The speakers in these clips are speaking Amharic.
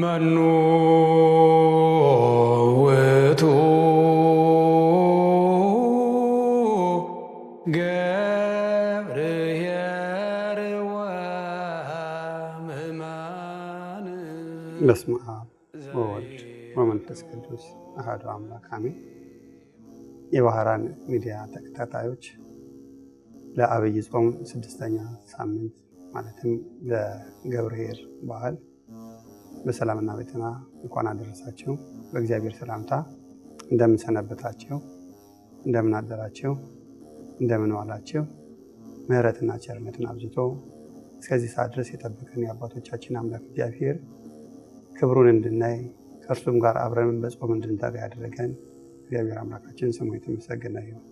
መኑ ውእቱ ገብርኄር በስመ አብ ወወልድ ወመንፈስ ቅዱስ አሐዱ አምላክ አሜን። የባህራን ሚዲያ ተከታታዮች ለአብይ ጾም ስድስተኛ ሳምንት ማለትም ለገብርኄር በዓል በሰላምና በጤና እንኳን አደረሳችሁ። በእግዚአብሔር ሰላምታ እንደምን ሰነበታችሁ? እንደምን አደራችሁ? እንደምን ዋላችሁ? ምሕረትና ቸርነትን አብዝቶ እስከዚህ ሰዓት ድረስ የጠበቀን የአባቶቻችን አምላክ እግዚአብሔር ክብሩን እንድናይ ከእርሱም ጋር አብረን በጾም እንድንተጋ ያደረገን እግዚአብሔር አምላካችን ስሙ የተመሰገነ ይሁን።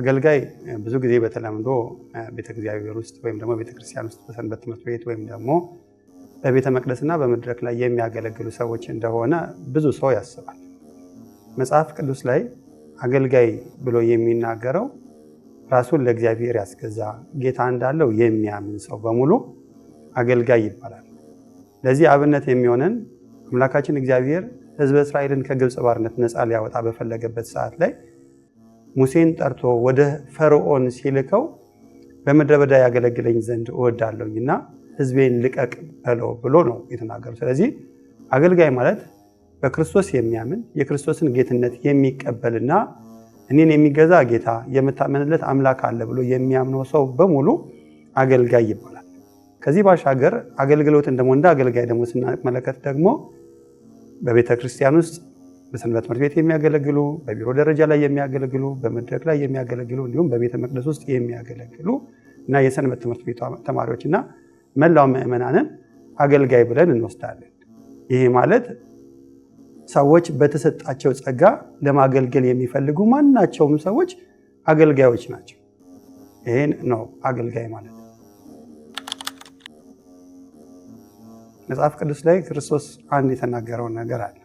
አገልጋይ ብዙ ጊዜ በተለምዶ ቤተ እግዚአብሔር ውስጥ ወይም ደግሞ ቤተክርስቲያን ውስጥ በሰንበት ትምህርት ቤት ወይም ደግሞ በቤተ መቅደስና በመድረክ ላይ የሚያገለግሉ ሰዎች እንደሆነ ብዙ ሰው ያስባል። መጽሐፍ ቅዱስ ላይ አገልጋይ ብሎ የሚናገረው ራሱን ለእግዚአብሔር ያስገዛ ጌታ እንዳለው የሚያምን ሰው በሙሉ አገልጋይ ይባላል። ለዚህ አብነት የሚሆነን አምላካችን እግዚአብሔር ሕዝበ እስራኤልን ከግብፅ ባርነት ነፃ ሊያወጣ በፈለገበት ሰዓት ላይ ሙሴን ጠርቶ ወደ ፈርዖን ሲልከው በምድረ በዳ ያገለግለኝ ዘንድ እወዳለሁኝ እና ህዝቤን ልቀቅ በለው ብሎ ነው የተናገሩ። ስለዚህ አገልጋይ ማለት በክርስቶስ የሚያምን የክርስቶስን ጌትነት የሚቀበልና እኔን የሚገዛ ጌታ የምታመንለት አምላክ አለ ብሎ የሚያምነው ሰው በሙሉ አገልጋይ ይባላል። ከዚህ ባሻገር አገልግሎትን ደግሞ እንደ አገልጋይ ደግሞ ስንመለከት ደግሞ በቤተ ክርስቲያን ውስጥ በሰንበት ትምህርት ቤት የሚያገለግሉ፣ በቢሮ ደረጃ ላይ የሚያገለግሉ፣ በመድረክ ላይ የሚያገለግሉ እንዲሁም በቤተ መቅደስ ውስጥ የሚያገለግሉ እና የሰንበት ትምህርት ቤቷ ተማሪዎች እና መላው ምዕመናንን አገልጋይ ብለን እንወስዳለን። ይሄ ማለት ሰዎች በተሰጣቸው ጸጋ ለማገልገል የሚፈልጉ ማናቸውም ሰዎች አገልጋዮች ናቸው። ይሄን ነው አገልጋይ ማለት። መጽሐፍ ቅዱስ ላይ ክርስቶስ አንድ የተናገረውን ነገር አለ።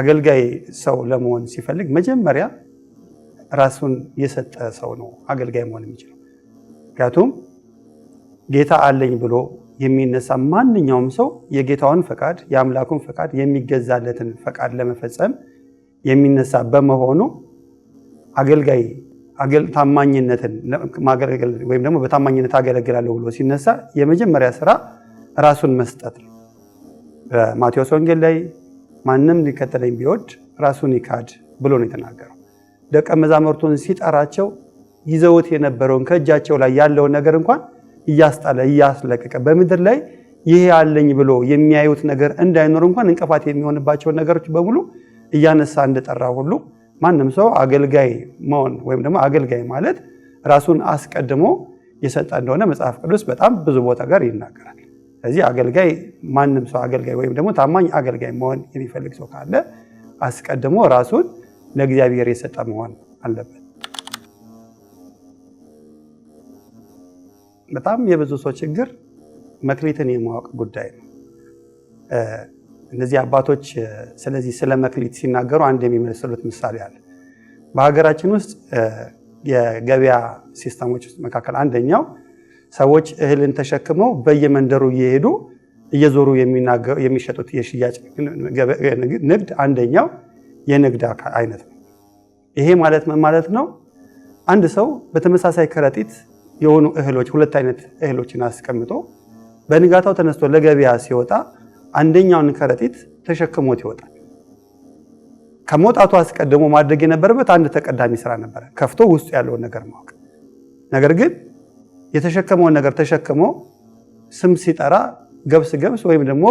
አገልጋይ ሰው ለመሆን ሲፈልግ መጀመሪያ ራሱን የሰጠ ሰው ነው አገልጋይ መሆን የሚችለው። ምክንያቱም ጌታ አለኝ ብሎ የሚነሳ ማንኛውም ሰው የጌታውን ፈቃድ የአምላኩን ፈቃድ የሚገዛለትን ፈቃድ ለመፈጸም የሚነሳ በመሆኑ አገልጋይ ታማኝነትን ማገልገል ወይም ደግሞ በታማኝነት አገለግላለሁ ብሎ ሲነሳ የመጀመሪያ ስራ ራሱን መስጠት ነው። በማቴዎስ ወንጌል ላይ ማንም ሊከተለኝ ቢወድ ራሱን ይካድ ብሎ ነው የተናገረው። ደቀ መዛሙርቱን ሲጠራቸው ይዘውት የነበረውን ከእጃቸው ላይ ያለውን ነገር እንኳን እያስጣለ እያስለቀቀ በምድር ላይ ይሄ አለኝ ብሎ የሚያዩት ነገር እንዳይኖር እንኳን እንቅፋት የሚሆንባቸውን ነገሮች በሙሉ እያነሳ እንደጠራ ሁሉ ማንም ሰው አገልጋይ መሆን ወይም ደግሞ አገልጋይ ማለት ራሱን አስቀድሞ የሰጠ እንደሆነ መጽሐፍ ቅዱስ በጣም ብዙ ቦታ ጋር ይናገራል። ስለዚህ አገልጋይ ማንም ሰው አገልጋይ ወይም ደግሞ ታማኝ አገልጋይ መሆን የሚፈልግ ሰው ካለ አስቀድሞ ራሱን ለእግዚአብሔር የሰጠ መሆን አለበት። በጣም የብዙ ሰው ችግር መክሊትን የማወቅ ጉዳይ ነው። እነዚህ አባቶች ስለዚህ ስለ መክሊት ሲናገሩ አንድ የሚመስሉት ምሳሌ አለ። በሀገራችን ውስጥ የገበያ ሲስተሞች ውስጥ መካከል አንደኛው ሰዎች እህልን ተሸክመው በየመንደሩ እየሄዱ እየዞሩ የሚሸጡት የሽያጭ ንግድ አንደኛው የንግድ አይነት ነው። ይሄ ማለት ምን ማለት ነው? አንድ ሰው በተመሳሳይ ከረጢት የሆኑ እህሎች ሁለት አይነት እህሎችን አስቀምጦ በንጋታው ተነስቶ ለገበያ ሲወጣ አንደኛውን ከረጢት ተሸክሞት ይወጣል። ከመውጣቱ አስቀድሞ ማድረግ የነበረበት አንድ ተቀዳሚ ስራ ነበረ፣ ከፍቶ ውስጡ ያለውን ነገር ማወቅ። ነገር ግን የተሸከመውን ነገር ተሸክሞ ስም ሲጠራ ገብስ ገብስ ወይም ደግሞ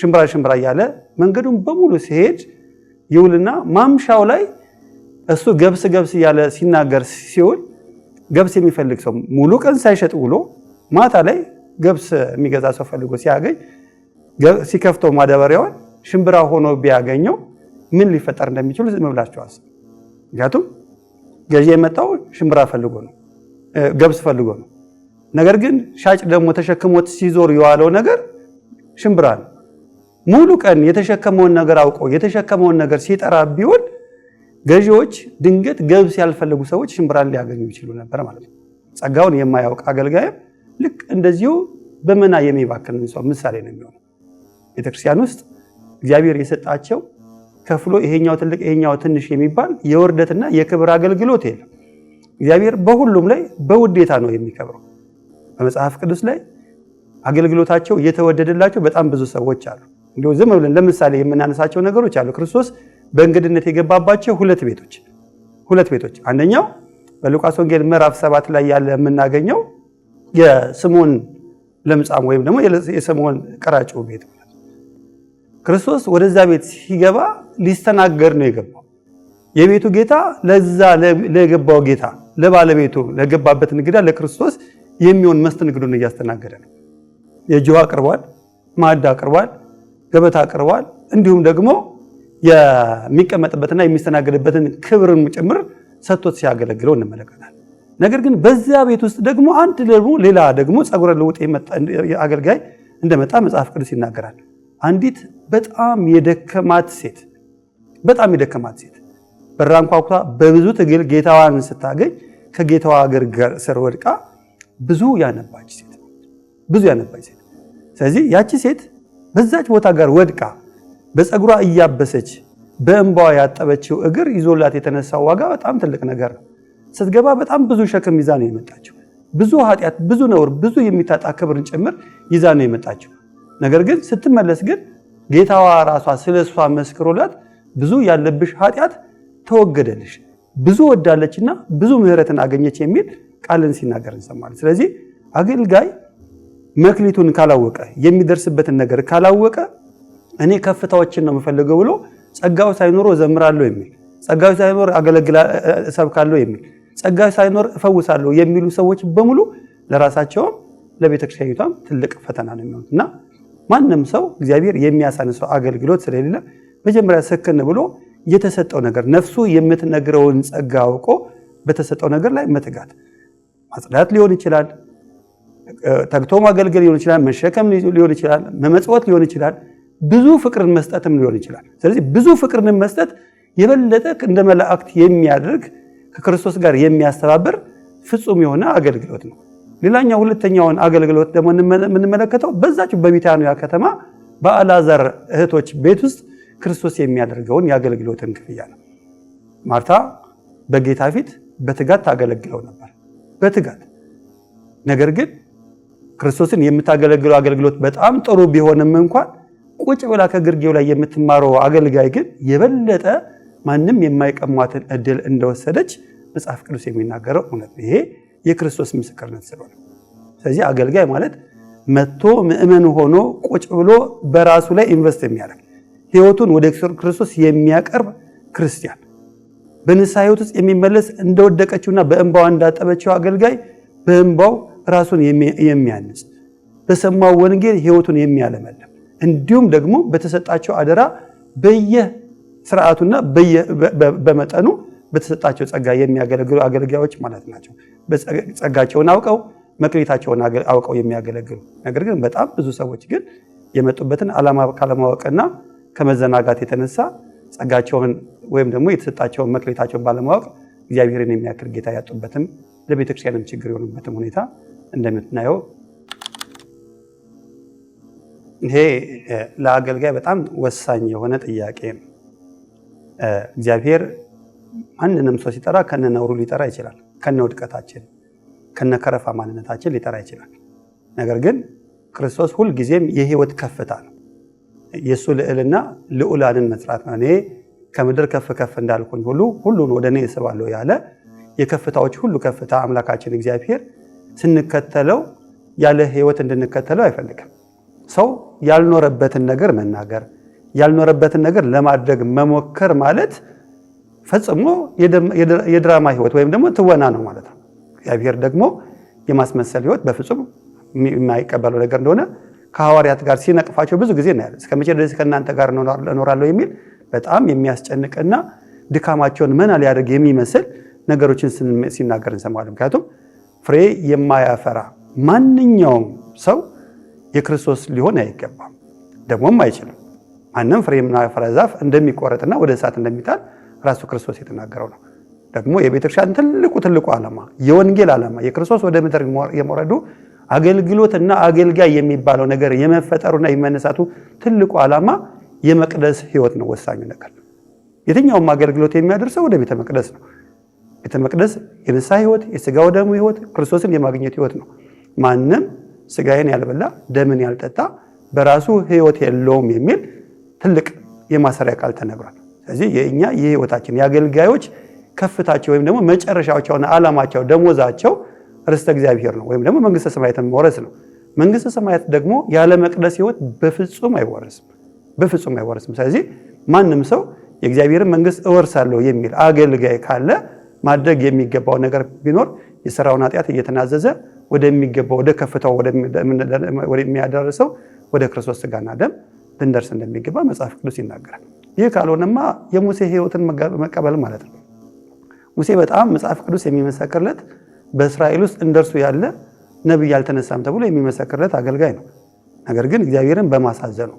ሽምብራ ሽምብራ እያለ መንገዱን በሙሉ ሲሄድ ይውልና ማምሻው ላይ እሱ ገብስ ገብስ እያለ ሲናገር ሲውል ገብስ የሚፈልግ ሰው ሙሉ ቀን ሳይሸጥ ውሎ ማታ ላይ ገብስ የሚገዛ ሰው ፈልጎ ሲያገኝ ሲከፍተው ማዳበሪያውን ሽምብራ ሆኖ ቢያገኘው ምን ሊፈጠር እንደሚችሉ ዝም ብላችሁ አስቡ። ምክንያቱም ገዢ የመጣው ሽምብራ ፈልጎ ነው። ገብስ ፈልጎ ነው። ነገር ግን ሻጭ ደግሞ ተሸክሞት ሲዞር የዋለው ነገር ሽምብራ ነው። ሙሉ ቀን የተሸከመውን ነገር አውቆ የተሸከመውን ነገር ሲጠራ ቢሆን ገዢዎች ድንገት ገብስ ያልፈለጉ ሰዎች ሽምብራን ሊያገኙ ይችሉ ነበር ማለት ነው። ጸጋውን የማያውቅ አገልጋይም ልክ እንደዚሁ በመና የሚባክን ሰው ምሳሌ ነው የሚሆነው። ቤተክርስቲያን ውስጥ እግዚአብሔር የሰጣቸው ከፍሎ ይሄኛው ትልቅ ይሄኛው ትንሽ የሚባል የውርደትና የክብር አገልግሎት የለም። እግዚአብሔር በሁሉም ላይ በውዴታ ነው የሚከብረው። በመጽሐፍ ቅዱስ ላይ አገልግሎታቸው የተወደደላቸው በጣም ብዙ ሰዎች አሉ። እንዲሁ ዝም ብለን ለምሳሌ የምናነሳቸው ነገሮች አሉ። ክርስቶስ በእንግድነት የገባባቸው ሁለት ቤቶች ሁለት ቤቶች አንደኛው በሉቃስ ወንጌል ምዕራፍ ሰባት ላይ ያለ የምናገኘው የስምዖን ለምጻም ወይም ደግሞ የስምዖን ቀራጩ ቤት ክርስቶስ ወደዛ ቤት ሲገባ ሊስተናገር ነው የገባው። የቤቱ ጌታ ለዛ ለገባው ጌታ ለባለቤቱ ለገባበት እንግዳ ለክርስቶስ የሚሆን መስተንግዶን እያስተናገደ ነው። የጆዋ አቅርቧል፣ ማዕድ አቅርቧል፣ ገበታ አቅርቧል። እንዲሁም ደግሞ የሚቀመጥበትና የሚስተናገድበትን ክብርን ጭምር ሰጥቶት ሲያገለግለው እንመለከታል። ነገር ግን በዚያ ቤት ውስጥ ደግሞ አንድ ደግሞ ሌላ ደግሞ ጸጉረ ልውጥ አገልጋይ እንደመጣ መጽሐፍ ቅዱስ ይናገራል። አንዲት በጣም የደከማት ሴት በጣም የደከማት ሴት በራንኳኩታ በብዙ ትግል ጌታዋን ስታገኝ ከጌታዋ እግር ስር ወድቃ ብዙ ያነባች ሴት ብዙ ያነባች ሴት። ስለዚህ ያቺ ሴት በዛች ቦታ ጋር ወድቃ በፀጉሯ እያበሰች በእንባዋ ያጠበችው እግር ይዞላት የተነሳው ዋጋ በጣም ትልቅ ነገር ነው። ስትገባ በጣም ብዙ ሸክም ይዛ ነው የመጣችው። ብዙ ኃጢአት፣ ብዙ ነውር፣ ብዙ የሚታጣ ክብርን ጭምር ይዛ ነው የመጣችው። ነገር ግን ስትመለስ ግን ጌታዋ ራሷ ስለ እሷ መስክሮላት ብዙ ያለብሽ ኃጢአት ተወገደልሽ ብዙ ወዳለችና ብዙ ምሕረትን አገኘች የሚል ቃልን ሲናገር እንሰማለን። ስለዚህ አገልጋይ መክሊቱን ካላወቀ የሚደርስበትን ነገር ካላወቀ እኔ ከፍታዎችን ነው የምፈልገው ብሎ ጸጋው ሳይኖር እዘምራለሁ የሚል ጸጋው ሳይኖር አገለግላለሁ፣ እሰብካለሁ የሚል ጸጋው ሳይኖር እፈውሳለሁ የሚሉ ሰዎች በሙሉ ለራሳቸውም ለቤተክርስቲያኒቷም ትልቅ ፈተና ነው የሚሆኑት እና ማንም ሰው እግዚአብሔር የሚያሳንሰው አገልግሎት ስለሌለ መጀመሪያ ስክን ብሎ የተሰጠው ነገር ነፍሱ የምትነግረውን ጸጋ አውቆ በተሰጠው ነገር ላይ መትጋት ማጽዳት ሊሆን ይችላል። ተግቶ ማገልገል ሊሆን ይችላል። መሸከም ሊሆን ይችላል። መመጽወት ሊሆን ይችላል። ብዙ ፍቅርን መስጠትም ሊሆን ይችላል። ስለዚህ ብዙ ፍቅርን መስጠት የበለጠ እንደ መላእክት የሚያደርግ ከክርስቶስ ጋር የሚያስተባብር ፍጹም የሆነ አገልግሎት ነው። ሌላኛው ሁለተኛውን አገልግሎት ደግሞ የምንመለከተው በዛች በቢታንያ ከተማ በአልዓዛር እህቶች ቤት ውስጥ ክርስቶስ የሚያደርገውን የአገልግሎትን ክፍያ ነው። ማርታ በጌታ ፊት በትጋት ታገለግለው ነበር፣ በትጋት ነገር ግን ክርስቶስን የምታገለግለው አገልግሎት በጣም ጥሩ ቢሆንም እንኳን ቁጭ ብላ ከግርጌው ላይ የምትማረው አገልጋይ ግን የበለጠ ማንም የማይቀሟትን እድል እንደወሰደች መጽሐፍ ቅዱስ የሚናገረው እውነት ነው። ይሄ የክርስቶስ ምስክርነት ስለሆነ ስለዚህ አገልጋይ ማለት መጥቶ ምእመን ሆኖ ቁጭ ብሎ በራሱ ላይ ኢንቨስት የሚያደርግ ህይወቱን ወደ ክርስቶስ የሚያቀርብ ክርስቲያን በንስሐ ህይወት ውስጥ የሚመለስ እንደወደቀችውና በእንባዋ እንዳጠበችው አገልጋይ በእንባው ራሱን የሚያንጽ በሰማው ወንጌል ህይወቱን የሚያለመልም እንዲሁም ደግሞ በተሰጣቸው አደራ በየስርዓቱና በመጠኑ በተሰጣቸው ጸጋ የሚያገለግሉ አገልጋዮች ማለት ናቸው። ጸጋቸውን አውቀው መክሊታቸውን አውቀው የሚያገለግሉ ነገር ግን በጣም ብዙ ሰዎች ግን የመጡበትን ዓላማ ካለማወቅና ከመዘናጋት የተነሳ ጸጋቸውን ወይም ደግሞ የተሰጣቸውን መክሌታቸውን ባለማወቅ እግዚአብሔርን የሚያክል ጌታ ያጡበትም ለቤተክርስቲያንም ችግር የሆኑበትም ሁኔታ እንደምትናየው ይሄ ለአገልጋይ በጣም ወሳኝ የሆነ ጥያቄ ነው። እግዚአብሔር ማንንም ሰው ሲጠራ ከነነውሩ ሊጠራ ይችላል። ከነ ውድቀታችን ከነ ከረፋ ማንነታችን ሊጠራ ይችላል። ነገር ግን ክርስቶስ ሁልጊዜም የህይወት ከፍታ ነው። የእሱ ልዕልና ልዑላንን መስራት ነው። እኔ ከምድር ከፍ ከፍ እንዳልኩኝ ሁሉ ሁሉን ወደ እኔ እስባለሁ ያለ የከፍታዎች ሁሉ ከፍታ አምላካችን እግዚአብሔር ስንከተለው ያለ ህይወት እንድንከተለው አይፈልግም። ሰው ያልኖረበትን ነገር መናገር፣ ያልኖረበትን ነገር ለማድረግ መሞከር ማለት ፈጽሞ የድራማ ህይወት ወይም ደግሞ ትወና ነው ማለት ነው። እግዚአብሔር ደግሞ የማስመሰል ህይወት በፍጹም የማይቀበለው ነገር እንደሆነ ከሐዋርያት ጋር ሲነቅፋቸው ብዙ ጊዜ እናያለን። እስከመቼ ድረስ ከእናንተ ጋር እኖራለሁ የሚል በጣም የሚያስጨንቅና ድካማቸውን መና ሊያደርግ የሚመስል ነገሮችን ሲናገር እንሰማለን። ምክንያቱም ፍሬ የማያፈራ ማንኛውም ሰው የክርስቶስ ሊሆን አይገባም፣ ደግሞም አይችልም። ማንም ፍሬ የማያፈራ ዛፍ እንደሚቆረጥና ወደ እሳት እንደሚጣል ራሱ ክርስቶስ የተናገረው ነው። ደግሞ የቤተክርስቲያን ትልቁ ትልቁ ዓላማ የወንጌል ዓላማ የክርስቶስ ወደ ምድር የመውረዱ አገልግሎት እና አገልጋይ የሚባለው ነገር የመፈጠሩና የመነሳቱ ትልቁ ዓላማ የመቅደስ ህይወት ነው። ወሳኙ ነገር የትኛውም አገልግሎት የሚያደርሰው ወደ ቤተ መቅደስ ነው። ቤተ መቅደስ የንስሐ ህይወት፣ የስጋ ወደሙ ህይወት፣ ክርስቶስን የማግኘት ህይወት ነው። ማንም ስጋዬን ያልበላ ደምን ያልጠጣ በራሱ ህይወት የለውም የሚል ትልቅ የማሰሪያ ቃል ተነግሯል። ስለዚህ የእኛ የህይወታችን የአገልጋዮች ከፍታቸው ወይም ደግሞ መጨረሻቸውና ዓላማቸው ደሞዛቸው ርስተ እግዚአብሔር ነው ወይም ደግሞ መንግስተ ሰማያትን መውረስ ነው። መንግስተ ሰማያት ደግሞ ያለ መቅደስ ህይወት በፍጹም አይወረስም፣ በፍጹም አይወረስም። ስለዚህ ማንም ሰው የእግዚአብሔርን መንግስት እወርሳለሁ የሚል አገልጋይ ካለ ማድረግ የሚገባው ነገር ቢኖር የሰራውን ኃጢአት እየተናዘዘ ወደሚገባው ወደ ከፍታው ወደሚያደርሰው ወደ ክርስቶስ ስጋና ደም ልንደርስ እንደሚገባ መጽሐፍ ቅዱስ ይናገራል። ይህ ካልሆነማ የሙሴ ህይወትን መቀበል ማለት ነው። ሙሴ በጣም መጽሐፍ ቅዱስ የሚመሰክርለት በእስራኤል ውስጥ እንደርሱ ያለ ነቢይ አልተነሳም ተብሎ የሚመሰክርለት አገልጋይ ነው። ነገር ግን እግዚአብሔርን በማሳዘኑ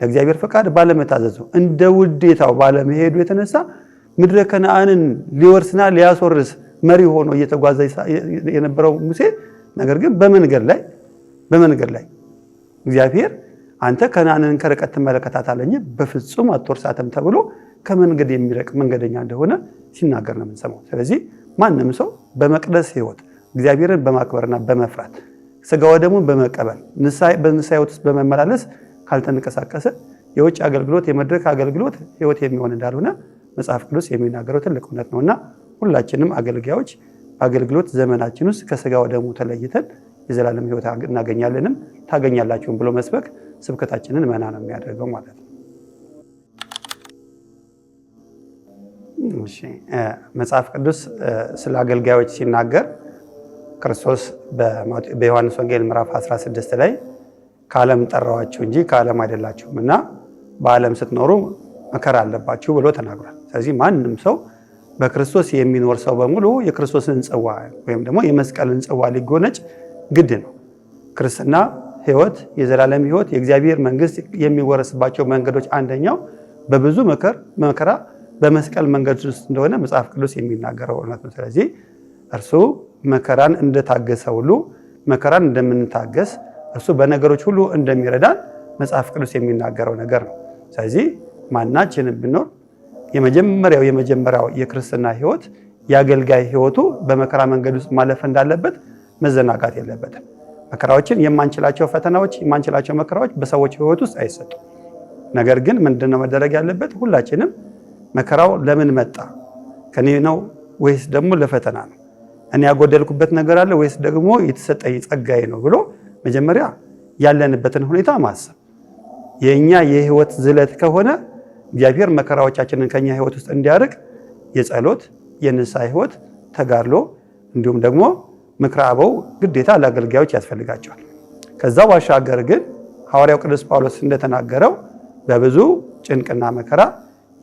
ለእግዚአብሔር ፈቃድ ባለመታዘዙ እንደ ውዴታው ባለመሄዱ የተነሳ ምድረ ከነአንን ሊወርስና ሊያስወርስ መሪ ሆኖ እየተጓዘ የነበረው ሙሴ ነገር ግን በመንገድ ላይ በመንገድ ላይ እግዚአብሔር አንተ ከነአንን ከርቀት ትመለከታታለኝ በፍጹም አትወርሳትም ተብሎ ከመንገድ የሚረቅ መንገደኛ እንደሆነ ሲናገር ነው የምንሰማው። ስለዚህ ማንም ሰው በመቅደስ ህይወት እግዚአብሔርን በማክበርና በመፍራት ስጋ ወደሙን በመቀበል በንስሐ ህይወት ውስጥ በመመላለስ ካልተንቀሳቀሰ የውጭ አገልግሎት የመድረክ አገልግሎት ህይወት የሚሆን እንዳልሆነ መጽሐፍ ቅዱስ የሚናገረው ትልቅ እውነት ነውና ሁላችንም አገልጋዮች በአገልግሎት ዘመናችን ውስጥ ከስጋ ወደሙ ተለይተን የዘላለም ህይወት እናገኛለንም ታገኛላችሁም ብሎ መስበክ ስብከታችንን መና ነው የሚያደርገው ማለት ነው። መጽሐፍ ቅዱስ ስለ አገልጋዮች ሲናገር ክርስቶስ በዮሐንስ ወንጌል ምዕራፍ 16 ላይ ከዓለም ጠራዋችሁ እንጂ ከዓለም አይደላችሁም እና በዓለም ስትኖሩ መከራ አለባችሁ ብሎ ተናግሯል። ስለዚህ ማንም ሰው በክርስቶስ የሚኖር ሰው በሙሉ የክርስቶስን ጽዋ ወይም ደግሞ የመስቀልን ጽዋ ሊጎነጭ ግድ ነው። ክርስትና ህይወት የዘላለም ህይወት የእግዚአብሔር መንግስት የሚወረስባቸው መንገዶች አንደኛው በብዙ መከራ በመስቀል መንገድ ውስጥ እንደሆነ መጽሐፍ ቅዱስ የሚናገረው እውነት ነው። ስለዚህ እርሱ መከራን እንደታገሰ ሁሉ መከራን እንደምንታገስ እርሱ በነገሮች ሁሉ እንደሚረዳን መጽሐፍ ቅዱስ የሚናገረው ነገር ነው። ስለዚህ ማናችንም ብንኖር የመጀመሪያው የመጀመሪያው የክርስትና ህይወት የአገልጋይ ህይወቱ በመከራ መንገድ ውስጥ ማለፍ እንዳለበት መዘናጋት የለበትም። መከራዎችን የማንችላቸው ፈተናዎች፣ የማንችላቸው መከራዎች በሰዎች ህይወት ውስጥ አይሰጡም። ነገር ግን ምንድነው መደረግ ያለበት ሁላችንም መከራው ለምን መጣ? ከኔ ነው ወይስ ደግሞ ለፈተና ነው? እኔ ያጎደልኩበት ነገር አለ ወይስ ደግሞ የተሰጠኝ ጸጋዬ ነው ብሎ መጀመሪያ ያለንበትን ሁኔታ ማሰብ። የእኛ የህይወት ዝለት ከሆነ እግዚአብሔር መከራዎቻችንን ከኛ ህይወት ውስጥ እንዲያርቅ የጸሎት የንስሐ ህይወት ተጋድሎ፣ እንዲሁም ደግሞ ምክረ አበው ግዴታ ለአገልጋዮች ያስፈልጋቸዋል። ከዛ ባሻገር ግን ሐዋርያው ቅዱስ ጳውሎስ እንደተናገረው በብዙ ጭንቅና መከራ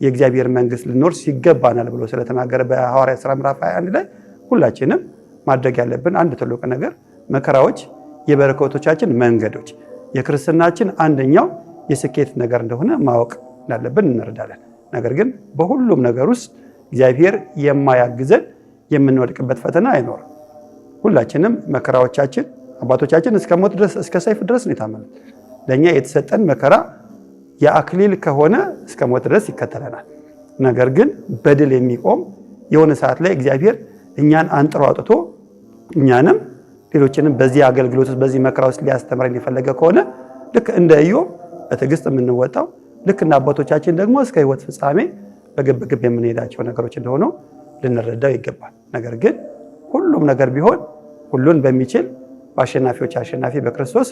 የእግዚአብሔር መንግስት ልኖር ይገባናል ብሎ ስለተናገረ በሐዋርያ ስራ ምዕራፍ 21 ላይ ሁላችንም ማድረግ ያለብን አንድ ትልቅ ነገር መከራዎች የበረከቶቻችን መንገዶች፣ የክርስትናችን አንደኛው የስኬት ነገር እንደሆነ ማወቅ እንዳለብን እንረዳለን። ነገር ግን በሁሉም ነገር ውስጥ እግዚአብሔር የማያግዘን የምንወድቅበት ፈተና አይኖርም። ሁላችንም መከራዎቻችን አባቶቻችን እስከ ሞት ድረስ እስከ ሰይፍ ድረስ ነው የታመኑት። ለእኛ የተሰጠን መከራ የአክሊል ከሆነ እስከ ሞት ድረስ ይከተለናል። ነገር ግን በድል የሚቆም የሆነ ሰዓት ላይ እግዚአብሔር እኛን አንጥሮ አውጥቶ እኛንም ሌሎችንም በዚህ አገልግሎት ውስጥ በዚህ መከራ ውስጥ ሊያስተምረን የፈለገ ከሆነ ልክ እንደ ኢዮብ በትዕግስት የምንወጣው ልክ እና አባቶቻችን ደግሞ እስከ ሕይወት ፍጻሜ በግብግብ የምንሄዳቸው ነገሮች እንደሆኑ ልንረዳው ይገባል። ነገር ግን ሁሉም ነገር ቢሆን ሁሉን በሚችል በአሸናፊዎች አሸናፊ በክርስቶስ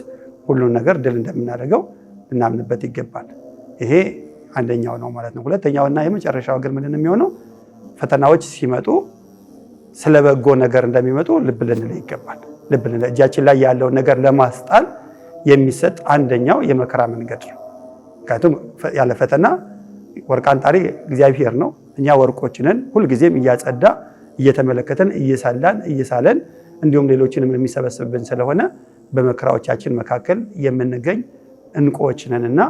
ሁሉን ነገር ድል እንደምናደርገው ልናምንበት ይገባል። ይሄ አንደኛው ነው ማለት ነው። ሁለተኛውና የመጨረሻው ግን ምንድን የሚሆነው ፈተናዎች ሲመጡ ስለ በጎ ነገር እንደሚመጡ ልብ ልንለ ይገባል። ልብ ልንለ እጃችን ላይ ያለውን ነገር ለማስጣል የሚሰጥ አንደኛው የመከራ መንገድ ነው። ምክንያቱም ያለ ፈተና ወርቅ አንጣሪ እግዚአብሔር ነው። እኛ ወርቆችንን ሁልጊዜም እያጸዳ እየተመለከተን እየሳላን እየሳለን እንዲሁም ሌሎችንም የሚሰበስብብን ስለሆነ በመከራዎቻችን መካከል የምንገኝ እንቁዎች ነን እና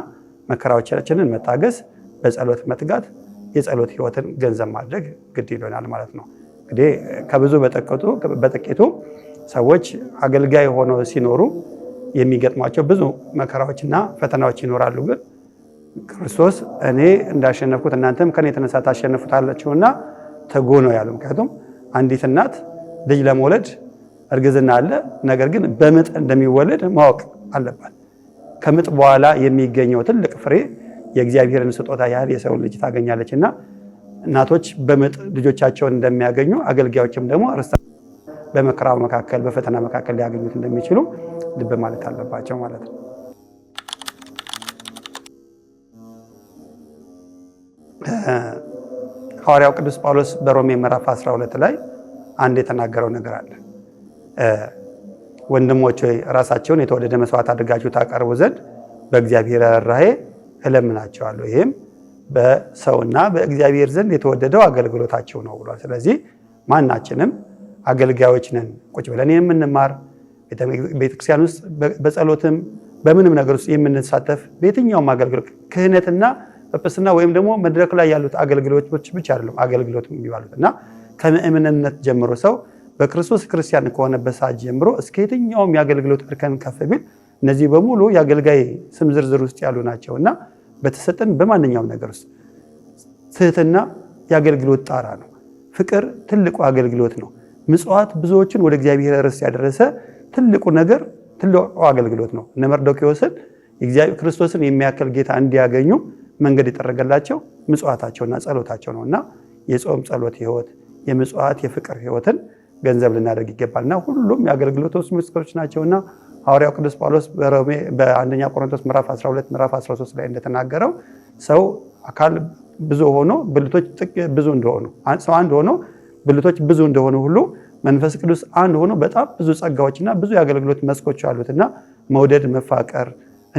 መከራዎቻችንን መታገስ፣ በጸሎት መትጋት፣ የጸሎት ህይወትን ገንዘብ ማድረግ ግድ ይሆናል ማለት ነው። እንግዲህ ከብዙ በጥቂቱ ሰዎች አገልጋይ ሆነው ሲኖሩ የሚገጥሟቸው ብዙ መከራዎችና ፈተናዎች ይኖራሉ። ግን ክርስቶስ እኔ እንዳሸነፍኩት እናንተም ከኔ የተነሳ ታሸንፉታላችሁና ትጉ ነው ያሉ። ምክንያቱም አንዲት እናት ልጅ ለመውለድ እርግዝና አለ፣ ነገር ግን በምጥ እንደሚወለድ ማወቅ አለባት። ከምጥ በኋላ የሚገኘው ትልቅ ፍሬ የእግዚአብሔርን ስጦታ ያህል የሰውን ልጅ ታገኛለች እና እናቶች በምጥ ልጆቻቸውን እንደሚያገኙ አገልጋዮችም ደግሞ እርሳ በመከራው መካከል በፈተና መካከል ሊያገኙት እንደሚችሉ ልብ ማለት አለባቸው ማለት ነው። ሐዋርያው ቅዱስ ጳውሎስ በሮሜ ምዕራፍ 12 ላይ አንድ የተናገረው ነገር አለ። ወንድሞች ሆይ ራሳቸውን የተወደደ መስዋዕት አድርጋችሁ ታቀርቡ ዘንድ በእግዚአብሔር ርኅራኄ እለምናቸዋለሁ። ይህም በሰውና በእግዚአብሔር ዘንድ የተወደደው አገልግሎታቸው ነው ብሏል። ስለዚህ ማናችንም አገልጋዮች ነን። ቁጭ ብለን የምንማር ቤተክርስቲያን ውስጥ በጸሎትም በምንም ነገር ውስጥ የምንሳተፍ በየትኛውም አገልግሎት ክህነትና ጵጵስና ወይም ደግሞ መድረክ ላይ ያሉት አገልግሎቶች ብቻ አይደለም አገልግሎት የሚባሉት እና ከምእምንነት ጀምሮ ሰው በክርስቶስ ክርስቲያን ከሆነበት ሰዓት ጀምሮ እስከ የትኛውም የአገልግሎት እርከን ከፍ ቢል እነዚህ በሙሉ የአገልጋይ ስም ዝርዝር ውስጥ ያሉ ናቸው እና በተሰጠን በማንኛውም ነገር ውስጥ ትህትና የአገልግሎት ጣራ ነው። ፍቅር ትልቁ አገልግሎት ነው። ምጽዋት ብዙዎችን ወደ እግዚአብሔር ርስ ያደረሰ ትልቁ ነገር ትልቁ አገልግሎት ነው። እነ ክርስቶስን የሚያክል ጌታ እንዲያገኙ መንገድ የጠረገላቸው ምጽዋታቸውና ጸሎታቸው ነው እና የጾም ጸሎት ህይወት፣ የምጽዋት የፍቅር ህይወትን ገንዘብ ልናደርግ ይገባል እና ሁሉም የአገልግሎቶች መስኮች ናቸውና ሐዋርያው ቅዱስ ጳውሎስ በሮሜ በአንደኛ ቆሮንቶስ ምዕራፍ 12 ምዕራፍ 13 ላይ እንደተናገረው ሰው አካል ብዙ ሆኖ ብልቶች ብዙ እንደሆኑ ሰው አንድ ሆኖ ብልቶች ብዙ እንደሆኑ ሁሉ መንፈስ ቅዱስ አንድ ሆኖ በጣም ብዙ ጸጋዎችና ብዙ የአገልግሎት መስኮች አሉትና መውደድ፣ መፋቀር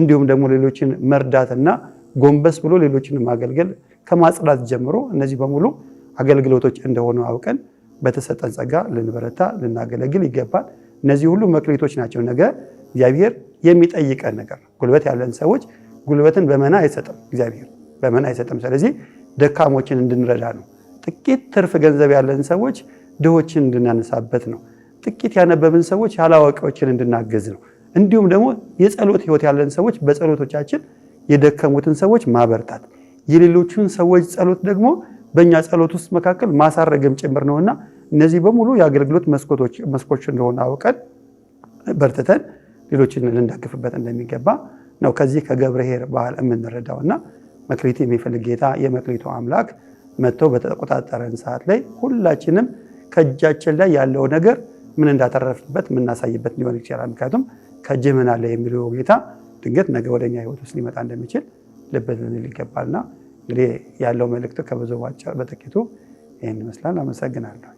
እንዲሁም ደግሞ ሌሎችን መርዳትና ጎንበስ ብሎ ሌሎችን ማገልገል ከማጽዳት ጀምሮ እነዚህ በሙሉ አገልግሎቶች እንደሆኑ አውቀን በተሰጠን ጸጋ ልንበረታ ልናገለግል ይገባል። እነዚህ ሁሉ መክሌቶች ናቸው። ነገ እግዚአብሔር የሚጠይቀን ነገር ጉልበት ያለን ሰዎች ጉልበትን በመና አይሰጥም፣ እግዚአብሔር በመና አይሰጥም። ስለዚህ ደካሞችን እንድንረዳ ነው። ጥቂት ትርፍ ገንዘብ ያለን ሰዎች ድሆችን እንድናነሳበት ነው። ጥቂት ያነበብን ሰዎች አላዋቂዎችን እንድናገዝ ነው። እንዲሁም ደግሞ የጸሎት ህይወት ያለን ሰዎች በጸሎቶቻችን የደከሙትን ሰዎች ማበርታት፣ የሌሎቹን ሰዎች ጸሎት ደግሞ በእኛ ጸሎት ውስጥ መካከል ማሳረግም ጭምር ነውና እነዚህ በሙሉ የአገልግሎት መስኮች እንደሆነ አውቀን በርትተን ሌሎችን ልንደግፍበት እንደሚገባ ነው ከዚህ ከገብረሄር ባህል የምንረዳው እና መክሊት የሚፈልግ ጌታ የመክሊቱ አምላክ መጥተው በተቆጣጠረን ሰዓት ላይ ሁላችንም ከእጃችን ላይ ያለው ነገር ምን እንዳተረፍበት የምናሳይበት ሊሆን ይችላል። ምክንያቱም ከእጅህ ምን አለ የሚለው ጌታ ድንገት ነገ ወደኛ ህይወት ውስጥ ሊመጣ እንደሚችል ልብ ልንል ይገባልና እንግዲህ ያለው መልእክት ከብዙ በጥቂቱ ይህን ይመስላል። አመሰግናለሁ።